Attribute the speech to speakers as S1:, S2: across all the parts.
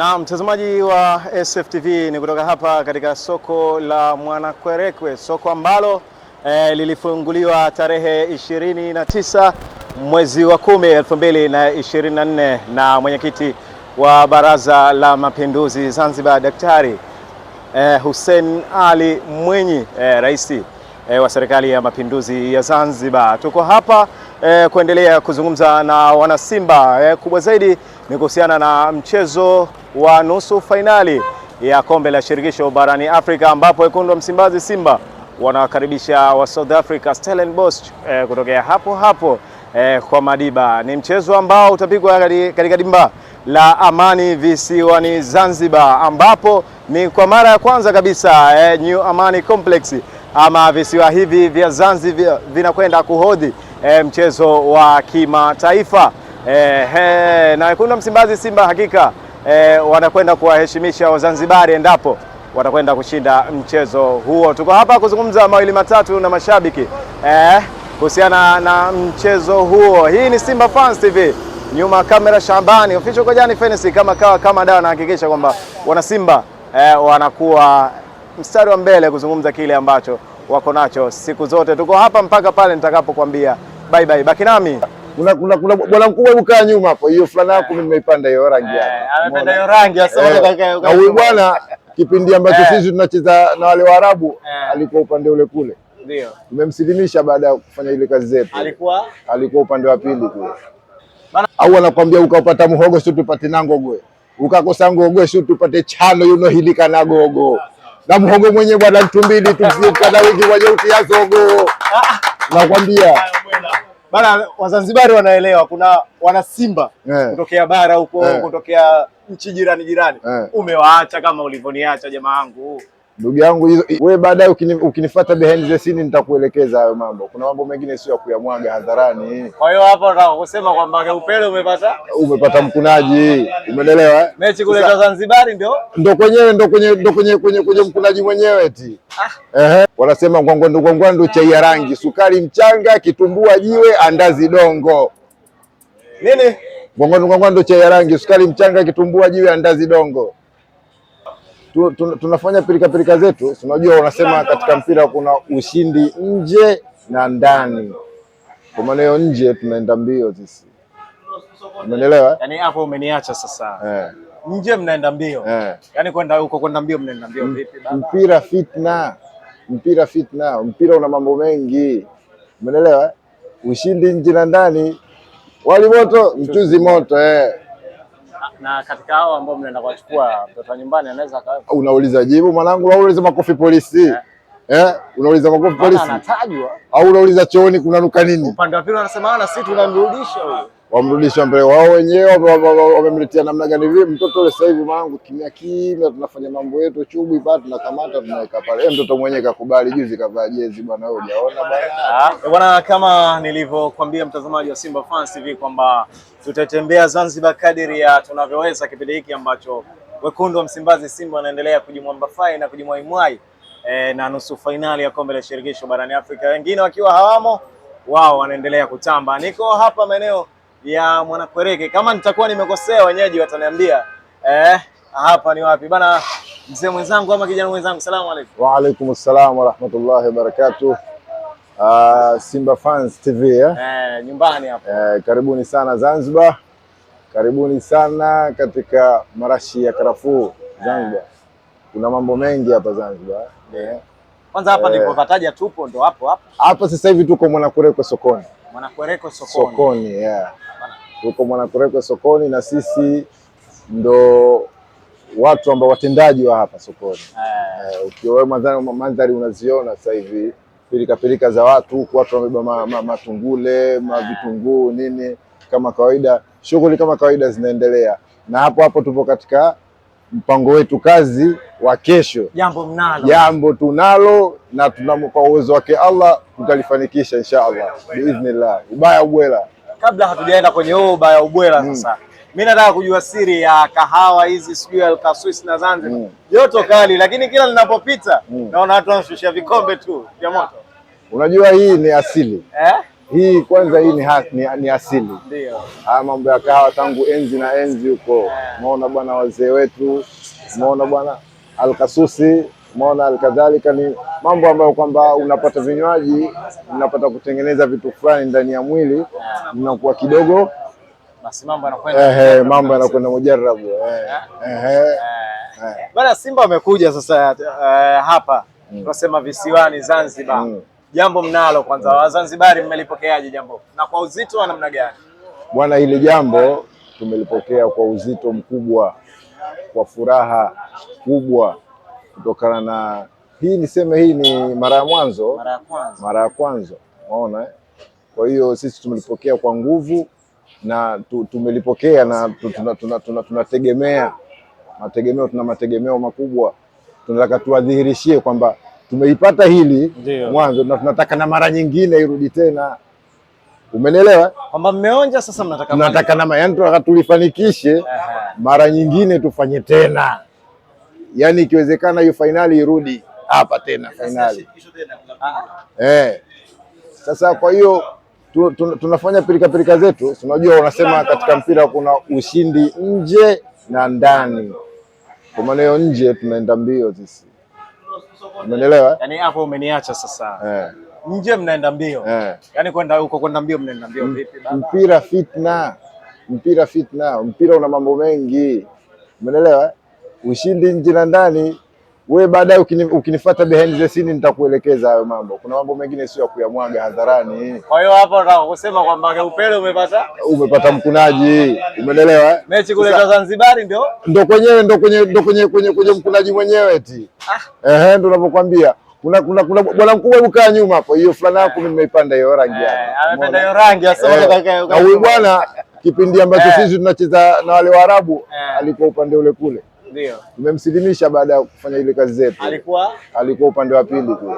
S1: Na mtazamaji wa SFTV ni kutoka hapa katika soko la Mwanakwerekwe, soko ambalo eh, lilifunguliwa tarehe 29 mwezi wa 10 2024 na mwenyekiti wa Baraza la Mapinduzi Zanzibar Daktari eh, Hussein Ali Mwinyi eh, rais eh, wa Serikali ya Mapinduzi ya Zanzibar. Tuko hapa e, kuendelea kuzungumza na wanasimba e, kubwa zaidi ni kuhusiana na mchezo wa nusu fainali ya kombe la shirikisho barani Afrika ambapo wekundu wa Msimbazi Simba wanawakaribisha wa South Africa Stellenbosch e, kutokea hapo hapo e, kwa Madiba. Ni mchezo ambao utapigwa katika dimba la Amani visiwani Zanzibar, ambapo ni kwa mara ya kwanza kabisa e, New Amani Complex ama visiwa hivi vya Zanzibar vinakwenda kuhodhi e, mchezo wa kimataifa e, na wekundu Msimbazi Simba hakika e, wanakwenda kuwaheshimisha Wazanzibari endapo watakwenda kushinda mchezo huo. Tuko hapa kuzungumza mawili matatu na mashabiki e, kuhusiana na mchezo huo. Hii ni Simba Fans TV, nyuma kamera Shambani official Kojani Fenesi, kama kawa kama dawa, anahakikisha kwamba wana Simba eh, wanakuwa mstari wa mbele kuzungumza kile ambacho wako nacho siku zote. Tuko hapa mpaka pale nitakapokuambia bye bye. Baki nami. Kuna kuna kuna bwana mkubwa yuko nyuma hapo, hiyo fulana yako mimi nimeipanda hiyo rangi eh, yake.
S2: Amependa hiyo rangi asema eh. kaka.
S1: Na huyu bwana kipindi ambacho eh. sisi tunacheza na wale Waarabu alikuwa upande ule kule. Ndio. Tumemsilimisha baada ya kufanya ile kazi zetu. Alikuwa alikuwa upande wa pili kule. Au anakuambia ukapata muhogo sio tupate nangogo. Ukakosa ngogwe, sio tupate chano yuno hilika nagogo na mhogo mwenye bwana tumbili na wiki kwenye uti ya zogo, nakwambia
S2: bana. Wazanzibari wanaelewa kuna wana Simba yeah. kutokea bara huko yeah. kutokea nchi jirani jirani yeah. umewaacha kama ulivyoniacha jamaa wangu
S1: ndugu yangu, wewe baadaye ukinifuata behind the scene nitakuelekeza hayo mambo. Kuna mambo mengine sio ya kuyamwaga hadharani.
S2: Kwa hiyo hapo nataka kusema kwamba Upele umepata
S1: umepata mkunaji, umeelewa? Eh?
S2: Mechi kule za Zanzibar ndio
S1: ndio kwenyewe ndio kwenye ndio kwenye kwenye mkunaji mwenyewe eti. Ah. Ehe, wanasema ngwangwandu ngwangwandu chai ya rangi, sukari mchanga, kitumbua jiwe, andazi dongo. Nini? Ngwangwandu ngwangwandu chai ya rangi, sukari mchanga, kitumbua jiwe, andazi dongo tu, tu, tunafanya pirikapirika zetu. Unajua, unasema katika mpira kuna ushindi nje na ndani. Kwa maana hiyo nje tunaenda mbio sisi, umeelewa?
S2: Yani hapo umeniacha sasa eh. Nje mnaenda mbio eh. Yani kwenda huko kwenda mbio, mnaenda mbio vipi
S1: Mpira fitna, mpira fitna, mpira una mambo mengi, umeelewa? Ushindi nje na ndani, wali moto mchuzi moto eh
S2: na katika hao ambao mnaenda kuwachukua mtoto nyumbani anaweza kawa.
S1: Ah, unauliza jibu mwanangu, au unauliza makofi polisi yeah. Eh, unauliza makofi polisi anatajwa, au unauliza chooni kunanuka nini?
S2: Upande wa pili anasema ana sisi tunamrudisha huyo
S1: wamrudisha mbele wao wenyewe, wamemletea namna gani vile mtoto ule. Sasa hivi mwanangu, kimya kimya, tunafanya mambo yetu chubu ipa, tunakamata tunaweka pale. Mtoto mwenyewe kakubali, juzi kavaa jezi bwana. Wewe hujaona bwana ah,
S2: eh bwana, kama nilivyokuambia mtazamaji wa Simba Fans TV kwamba tutatembea Zanzibar kadiri ya tunavyoweza, kipindi hiki ambacho wekundu wa Msimbazi Simba wanaendelea kujimwambafai na kujimwaimwai e, eh, na nusu fainali ya kombe la shirikisho barani Afrika, wengine wakiwa hawamo, wao wanaendelea kutamba. Niko hapa maeneo ya Mwanakwereke. Kama nitakuwa nimekosea, wenyeji wataniambia eh, hapa ni wapi bana. Mzee mwenzangu ama kijana mwenzangu, salamu alaikum.
S1: Wa alaykum assalam wa rahmatullahi wa barakatuh. Uh, Simba Fans TV eh? Eh,
S2: nyumbani hapa
S1: eh, karibuni sana Zanzibar, karibuni sana katika marashi ya karafuu eh. Zanzibar. Kuna mambo mengi hapa Zanzibar eh?
S2: Kwanza hapa eh, nilipopataja tupo ndo hapo hapo
S1: hapa sasa hivi tuko mwanakwerekwe sokoni
S2: Mwanakwerekwe sokoni,
S1: sokoni yeah. Tuko Mwanakwerekwe sokoni na sisi ndo watu ambao watendaji wa hapa sokoni eh, eh ukiwa mandhari unaziona sasa hivi pilika pilika za watu huku, watu wamebeba ma, ma, matungule mavitunguu eh. nini, kama kawaida, shughuli kama kawaida zinaendelea, na hapo hapo tupo katika mpango wetu kazi wa kesho.
S2: Jambo mnalo,
S1: jambo tunalo na tunamu kwa uwezo wake Allah tutalifanikisha insha Allah biidhnillah. Ubaya ubwela,
S2: kabla hatujaenda kwenye huo ubaya ubwela mm. Sasa mimi nataka kujua siri ya kahawa hizi sijui Alkasus na Zanzibar mm. joto mm. kali, lakini kila linapopita mm. naona watu wanashusha vikombe tu vya moto.
S1: Unajua hii ni asili eh? Hii kwanza hii ni, ha, ni, ni asili. Ndio. Haya mambo ya kahawa tangu enzi na enzi huko, eh. umeona bwana, wazee wetu, umeona bwana Alkasusi Umeona, alikadhalika ni mambo ambayo kwamba unapata vinywaji, unapata kutengeneza vitu fulani ndani ya mwili, unakuwa kidogo basi mambo yanakwenda eh, mambo yanakwenda mujarabu eh, eh,
S2: bana. Simba wamekuja sasa eh, hapa mm. tunasema visiwani Zanzibar. Mm. Jambo mnalo kwanza, Wazanzibari mmelipokeaje jambo na kwa uzito wa namna gani?
S1: Bwana, hili jambo tumelipokea kwa uzito mkubwa, kwa furaha kubwa kutokana na hii, niseme hii ni mara ya mwanzo, mara ya kwanza, unaona. Eh? Kwa hiyo sisi tumelipokea kwa nguvu na tumelipokea na tunategemea tuna, tuna, tuna, tuna mategemeo, tuna mategemeo makubwa. Tunataka tuwadhihirishie kwamba tumeipata hili mwanzo na tunataka na mara nyingine irudi tena, umenielewa?
S2: Kwamba mmeonja sasa, mnataka
S1: mnataka na, yani tunataka tulifanikishe, mara nyingine tufanye tena yani ikiwezekana hiyo fainali irudi hapa tena fainali eh. Sasa kwa hiyo tu, tu, tunafanya pirika pirika zetu, unajua unasema katika mpira kuna ushindi nje na ndani. Kwa maana hiyo nje tunaenda mbio sisi, umeelewa?
S2: Yani hapo umeniacha sasa eh. Nje mnaenda mbio eh. Yani kwenda huko kwenda mbio, mnaenda mbio vipi
S1: Mpira fitna, mpira fitna, mpira una mambo mengi, umeelewa? ushindi nje na ndani. Wewe baadaye ukinifuata behind the scene nitakuelekeza hayo mambo. Kuna mambo mengine sio ya kuyamwaga hadharani.
S2: Kwa hiyo hapo nataka kusema kwamba upele umepata
S1: umepata mkunaji, umeelewa? Eh?
S2: Mechi kule za Zanzibar ndio
S1: ndio kwenyewe ndio kwenye ndio kwenye kwenye kwenye mkunaji mwenyewe eti. Ah. Ehe, ndio ninavyokuambia. Kuna kuna kuna bwana mkubwa yuko nyuma hapo. Hiyo fulana yako eh. mimi nimeipanda hiyo rangi yako.
S2: Eh, Amependa hiyo rangi asema kaka.
S1: Na huyu bwana kipindi ambacho sisi tunacheza na wale Waarabu alikuwa upande ule kule tumemsilimisha baada ya kufanya ile kazi zetu. Alikuwa alikuwa upande wa pili tu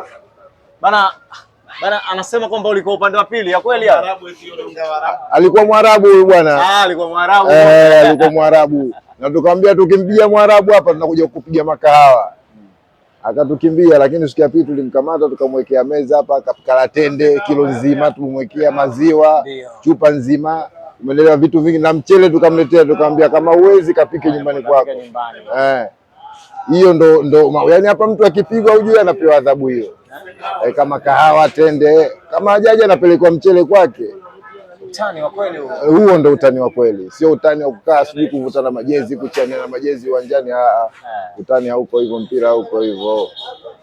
S2: bana bana, anasema kwamba ulikuwa upande wa pili ya kweli,
S1: alikuwa Mwarabu huyu bwana.
S2: Ah, alikuwa Mwarabu eh,
S1: alikuwa Mwarabu na tukamwambia tukimpiga Mwarabu hapa tunakuja kukupiga makahawa akatukimbia lakini, siku ya pili tulimkamata tukamwekea meza hapa, akapika tende kilo nzima, tumwekea maziwa chupa nzima umeelewa vitu vingi na mchele tukamletea, tukamwambia kama uwezi kapike nyumbani kwako eh. Hiyo ndo, ndo yani hapa mtu akipigwa hujui anapewa adhabu hiyo eh, kama kahawa tende, kama ajaja anapelekwa mchele kwake.
S2: Utani wa kweli huo,
S1: eh, huo ndo utani wa kweli, sio utani wa kukaa sijui kuvutana majezi kuchania na majezi uwanjani. Ah, ah. Eh. Utani hauko hivyo, mpira hauko hivyo.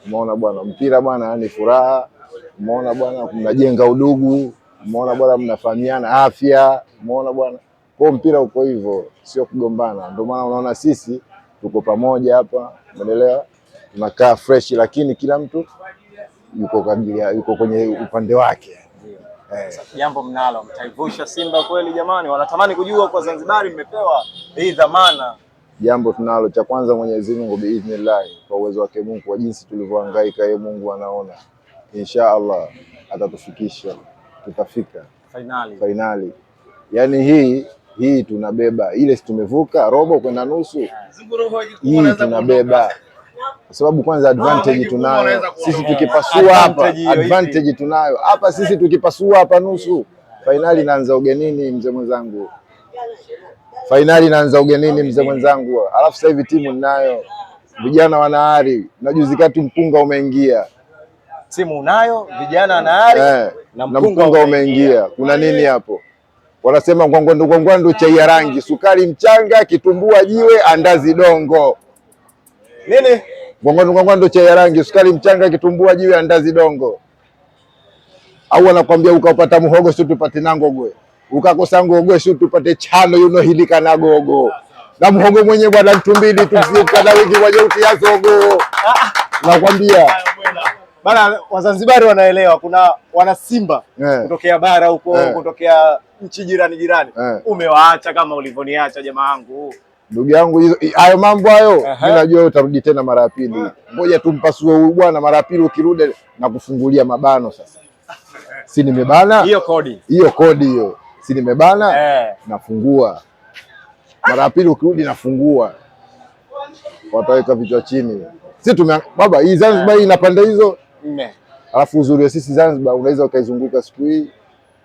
S1: Umeona bwana, mpira bwana ni furaha. Umeona bwana, mnajenga udugu umeona bwana, mnafahamiana afya, umeona bwana. Kwa mpira uko hivyo, sio kugombana. Ndio maana unaona sisi tuko pamoja hapa, umeelewa? Tunakaa fresh, lakini kila mtu yuko kabilia, yuko kwenye upande wake.
S2: Eh. Jambo mnalo mtaivusha Simba kweli jamani, wanatamani kujua kwa Zanzibari mmepewa hii dhamana.
S1: Jambo tunalo cha kwanza, Mwenyezi Mungu biidhnillah, kwa uwezo wake Mungu, kwa jinsi tulivyohangaika, yeye Mungu anaona, insha Allah atatufikisha tutafika fainali, Finali. Yani hii hii tunabeba ile, si tumevuka robo kwenda nusu, hii tunabeba kwa sababu kwanza advantage tunayo sisi, tukipasua hapa advantage tunayo hapa sisi, tukipasua hapa nusu fainali inaanza ugenini, mzee mwenzangu, fainali inaanza ugenini, mzee mwenzangu. Alafu sasa hivi timu ninayo, vijana wana ari, na juzi kati mpunga umeingia,
S2: timu unayo, vijana wana ari eh
S1: na mpunga umeingia, kuna nini hapo? Wanasema ngwangwandu ngwangwandu, chai ya rangi, sukari mchanga, kitumbua jiwe, andazi dongo. Nini ngwangwandu ngwangwandu, chai ya rangi, sukari mchanga, kitumbua jiwe, andazi dongo? Au anakwambia ukapata muhogo si tupate nangogwe, ukakosa ngogwe si tupate chano yuno hilika na gogo na muhogo mwenye bwana mtumbili tusikadawiki wiki kwa jeuti ya zogo, ah, ah. nakwambia
S2: Bana Wazanzibari wanaelewa kuna wanasimba yeah. kutokea bara huko yeah. kutokea nchi jirani jirani yeah. umewaacha kama ulivyoniacha jamaa wangu
S1: ndugu yangu, hayo mambo hayo uh -huh. mimi najua utarudi tena mara ya pili, eh. ngoja uh -huh. tumpasue huyu bwana mara ya pili, ukirudi na kufungulia mabano sasa. Eh. Si nimebana hiyo kodi hiyo kodi hiyo, si nimebana eh. nafungua mara ya pili, ukirudi nafungua, wataweka vichwa chini. Si tume baba hii Zanzibar hii eh. ina pande hizo nne. Alafu uzuri wa sisi Zanzibar unaweza ukaizunguka siku hii.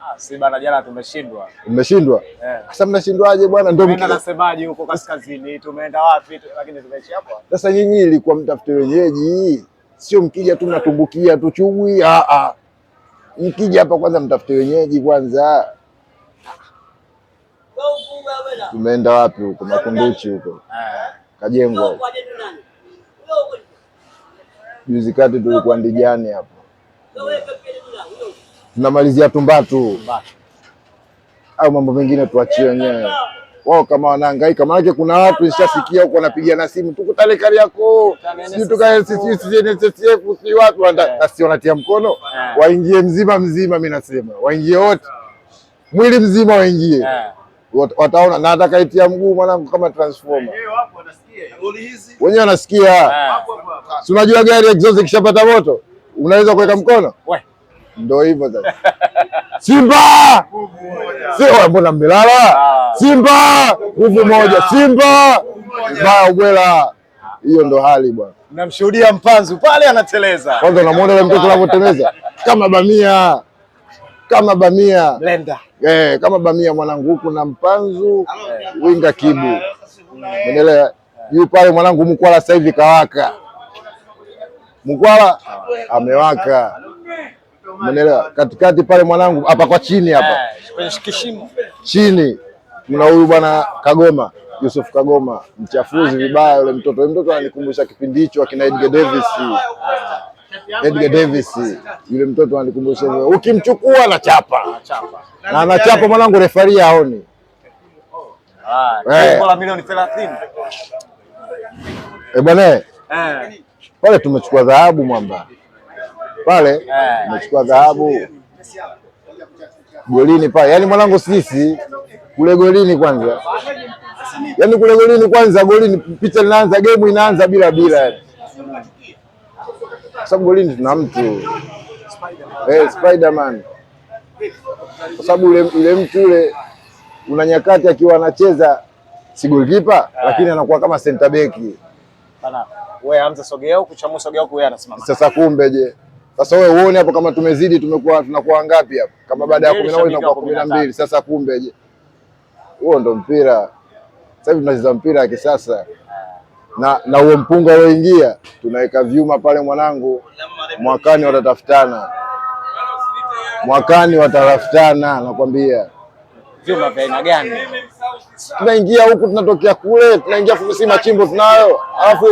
S2: Ah, si bana, jana tumeshindwa.
S1: Mmeshindwa? Eh. Sasa mnashindwaje bwana? Ndio mimi
S2: nasemaje huko kaskazini, tumeenda wapi tu, lakini tumeishi hapo.
S1: Sasa nyinyi ilikuwa mtafute wenyeji, sio mkija tu mnatumbukia tu chugwi. Ah ah. Mkija hapa kwanza mtafute wenyeji kwanza. Tumeenda wapi huko? Makunduchi huko. Eh. Kajengwa. Juzi kati tulikuwa Ndijani hapo tunamalizia Tumbatu au mambo mengine tuachie wenyewe wao, kama wanahangaika. Maanake kuna watu nishasikia huko na simu, tukutane Kariakoo, sijui tukae NSSF, sijui watu asi eh. wanatia mkono, eh. waingie mzima mzima. Mi nasema waingie wote, mwili mzima waingie. Eh wataona na atakaitia mguu mwanangu kama transformer. Wenyewe wanasikia, eh. si unajua gari exhaust ikishapata moto unaweza kuweka mkono, ndo hivyo sasa. Simba sio, mbona mmelala? Simba nguvu moja, oh, ah. Simba baya ubwela. Hiyo ndo hali bwana.
S2: Namshuhudia mpanzu pale anateleza
S1: kwanza, unamwona yule mtoto anavyoteleza kama bamia kama bamia eh, kama bamia mwanangu, huku na mpanzu eh, winga kibu umeelewa eh. Juu pale mwanangu mkwala sasa hivi kawaka, mkwala amewaka umeelewa. Katikati pale mwanangu, hapa kwa chini hapa eh, chini mna huyu bwana Kagoma Yusuf Kagoma, mchafuzi vibaya yule mtoto. Yule mtoto ananikumbusha kipindi hicho akina Edgar Davis Edgar Davis yule mtoto alikumbusha hivyo, ukimchukua na chapa na na chapa yaani- mwanangu, refari aone
S2: ah, eh. eh,
S1: bwana eh. pale. Tumechukua dhahabu mwamba pale, tumechukua dhahabu golini pale, yaani mwanangu sisi kule golini kwanza, yaani kule golini kwanza, golini picha linaanza, game inaanza bila bila yani kwa sababu golini tuna mtu eh, Spiderman, kwa sababu ule, ule mtu ule una nyakati akiwa anacheza si yeah, eh. lakini anakuwa kama senta beki. Sasa kumbe, je, sasa wewe uone hapo kama tumezidi, tumekuwa tunakuwa ngapi hapo? Kama baada ya kumi na moja tunakuwa kumi na mbili. Sasa kumbe, je, huo ndo mpira sasa hivi tunacheza mpira ya kisasa na na huo mpunga ulioingia tunaweka vyuma pale, mwanangu. Mwakani watatafutana, mwakani watatafutana, nakwambia.
S2: Vyuma vya aina gani?
S1: Tunaingia huku tunatokea kule, tunaingia fukusi, machimbo tunayo, alafu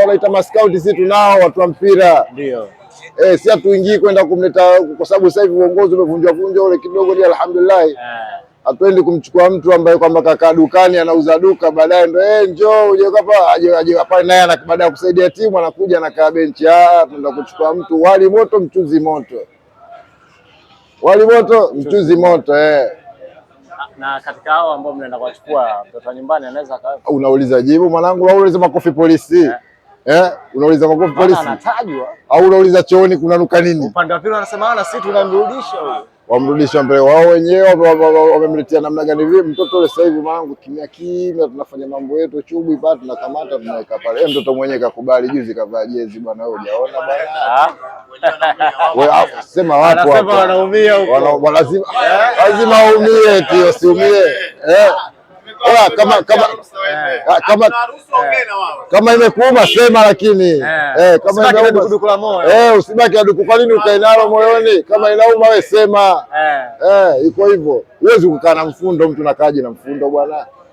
S1: wanaita maskauti, si tunao watu wa mpira ndio. Eh, si hatuingii kwenda kumleta, kwa sababu sasa hivi uongozi umevunjwa vunjwa ule kidogo, ni alhamdulillah eh. Hatuendi kumchukua mtu ambaye kwamba kakaa dukani anauza duka, baadaye ndo hey, eh, njoo uje hapa, naye baada ya kusaidia timu anakuja anakaa benchi. Ah, Tunaenda kuchukua mtu wali moto mchuzi moto, wali moto mchuzi moto eh.
S2: Na katika hao ambao mnaenda kuwachukua, mtoto nyumbani anaweza kaa,
S1: unauliza jibu mwanangu, au unauliza makofi polisi yeah. Eh, unauliza makofi polisi, au unauliza chooni kuna nuka nini?
S2: Upande wa pili wanasema, sisi tunamrudisha huyo
S1: wamrudisha mbele wao wenyewe, wamemletea namna gani? Vile mtoto ule sasa hivi mwanangu, kimya kimya, tunafanya mambo yetu chubu pale, tunakamata tunaweka pale. Yeye mtoto mwenyewe kakubali, juzi kavaa jezi bwana. Wewe hujaona bwana, ah. Ah, sema watu
S2: wanaumia
S1: huko, lazima waumie, tio siumie eh Ah, kama kama kama eh, eh. kama imekuuma sema, lakini eh. usibaki aduku duku. Kwa nini ukae nalo moyoni? Kama inauma we sema, iko hivyo. Huwezi kukaa na mfundo, mtu nakaje na mfundo bwana.